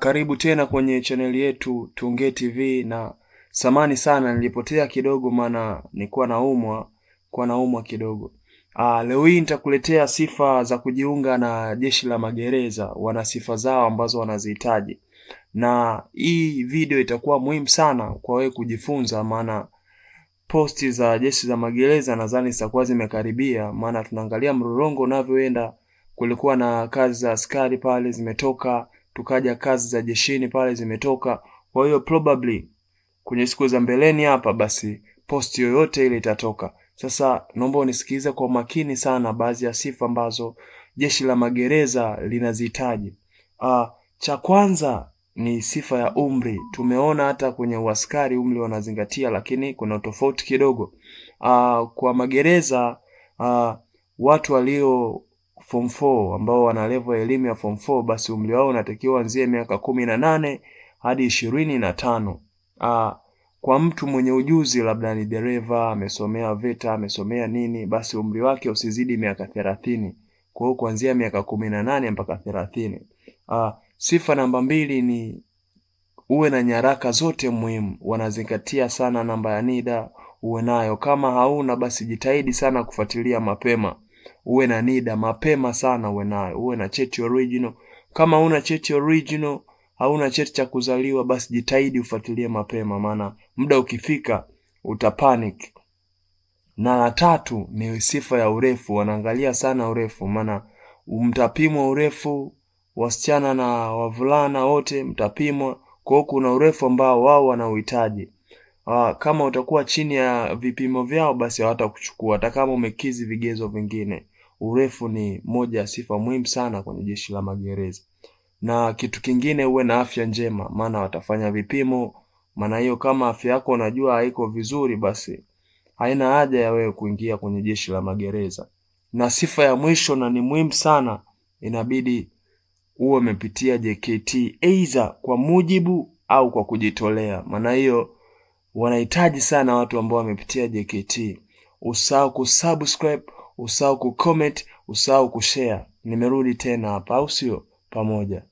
karibu tena kwenye chaneli yetu Tuongee TV, na samani sana nilipotea kidogo, maana nilikuwa naumwa kwa naumwa kidogo. Ah, leo hii nitakuletea sifa za kujiunga na jeshi la magereza, wana sifa zao ambazo wanazihitaji, na hii video itakuwa muhimu sana kwa wewe kujifunza, maana posti za jeshi za magereza nadhani zitakuwa zimekaribia, maana tunaangalia mrorongo unavyoenda. Kulikuwa na kazi za askari pale zimetoka tukaja kazi za jeshini pale zimetoka. Kwa hiyo probably kwenye siku za mbeleni hapa, basi post yoyote ile itatoka. Sasa naomba unisikilize kwa makini sana baadhi ya sifa ambazo jeshi la magereza linazihitaji. Uh, cha kwanza ni sifa ya umri. Tumeona hata kwenye uaskari umri wanazingatia, lakini kuna tofauti kidogo. Uh, kwa magereza uh, watu walio form 4 ambao wana level elimu ya form 4, basi umri wao unatakiwa anzie miaka kumi na nane hadi ishirini na tano. Ah, kwa mtu mwenye ujuzi labda ni dereva amesomea VETA amesomea nini, basi umri wake usizidi miaka thelathini. Kwa hiyo kuanzia miaka kumi na nane mpaka thelathini. Ah, sifa namba mbili ni uwe na nyaraka zote muhimu. Wanazingatia sana namba ya NIDA uwe nayo, kama hauna basi jitahidi sana kufuatilia mapema uwe na NIDA mapema sana, uwe nayo, uwe na cheti original. Kama una cheti original, hauna cheti cha kuzaliwa, basi jitahidi ufuatilie mapema, maana muda ukifika utapanic. Na la tatu ni sifa ya urefu, wanaangalia sana urefu, maana mtapimwa urefu, wasichana na wavulana wote mtapimwa. Kwa hiyo kuna urefu ambao wao wanauhitaji uh, kama utakuwa chini ya vipimo vyao, basi hawatakuchukua hata kama umekizi vigezo vingine. Urefu ni moja ya sifa muhimu sana kwenye jeshi la magereza, na kitu kingine, uwe na afya njema, maana watafanya vipimo. Maana hiyo kama afya yako unajua haiko vizuri, basi haina haja ya wewe kuingia kwenye jeshi la magereza. Na sifa ya mwisho na ni muhimu sana, inabidi uwe umepitia JKT aidha kwa mujibu au kwa kujitolea, maana hiyo wanahitaji sana watu ambao wamepitia JKT. Usahau kusubscribe, usahau kucomment, usahau kushare. Nimerudi tena hapa, au sio? Pamoja.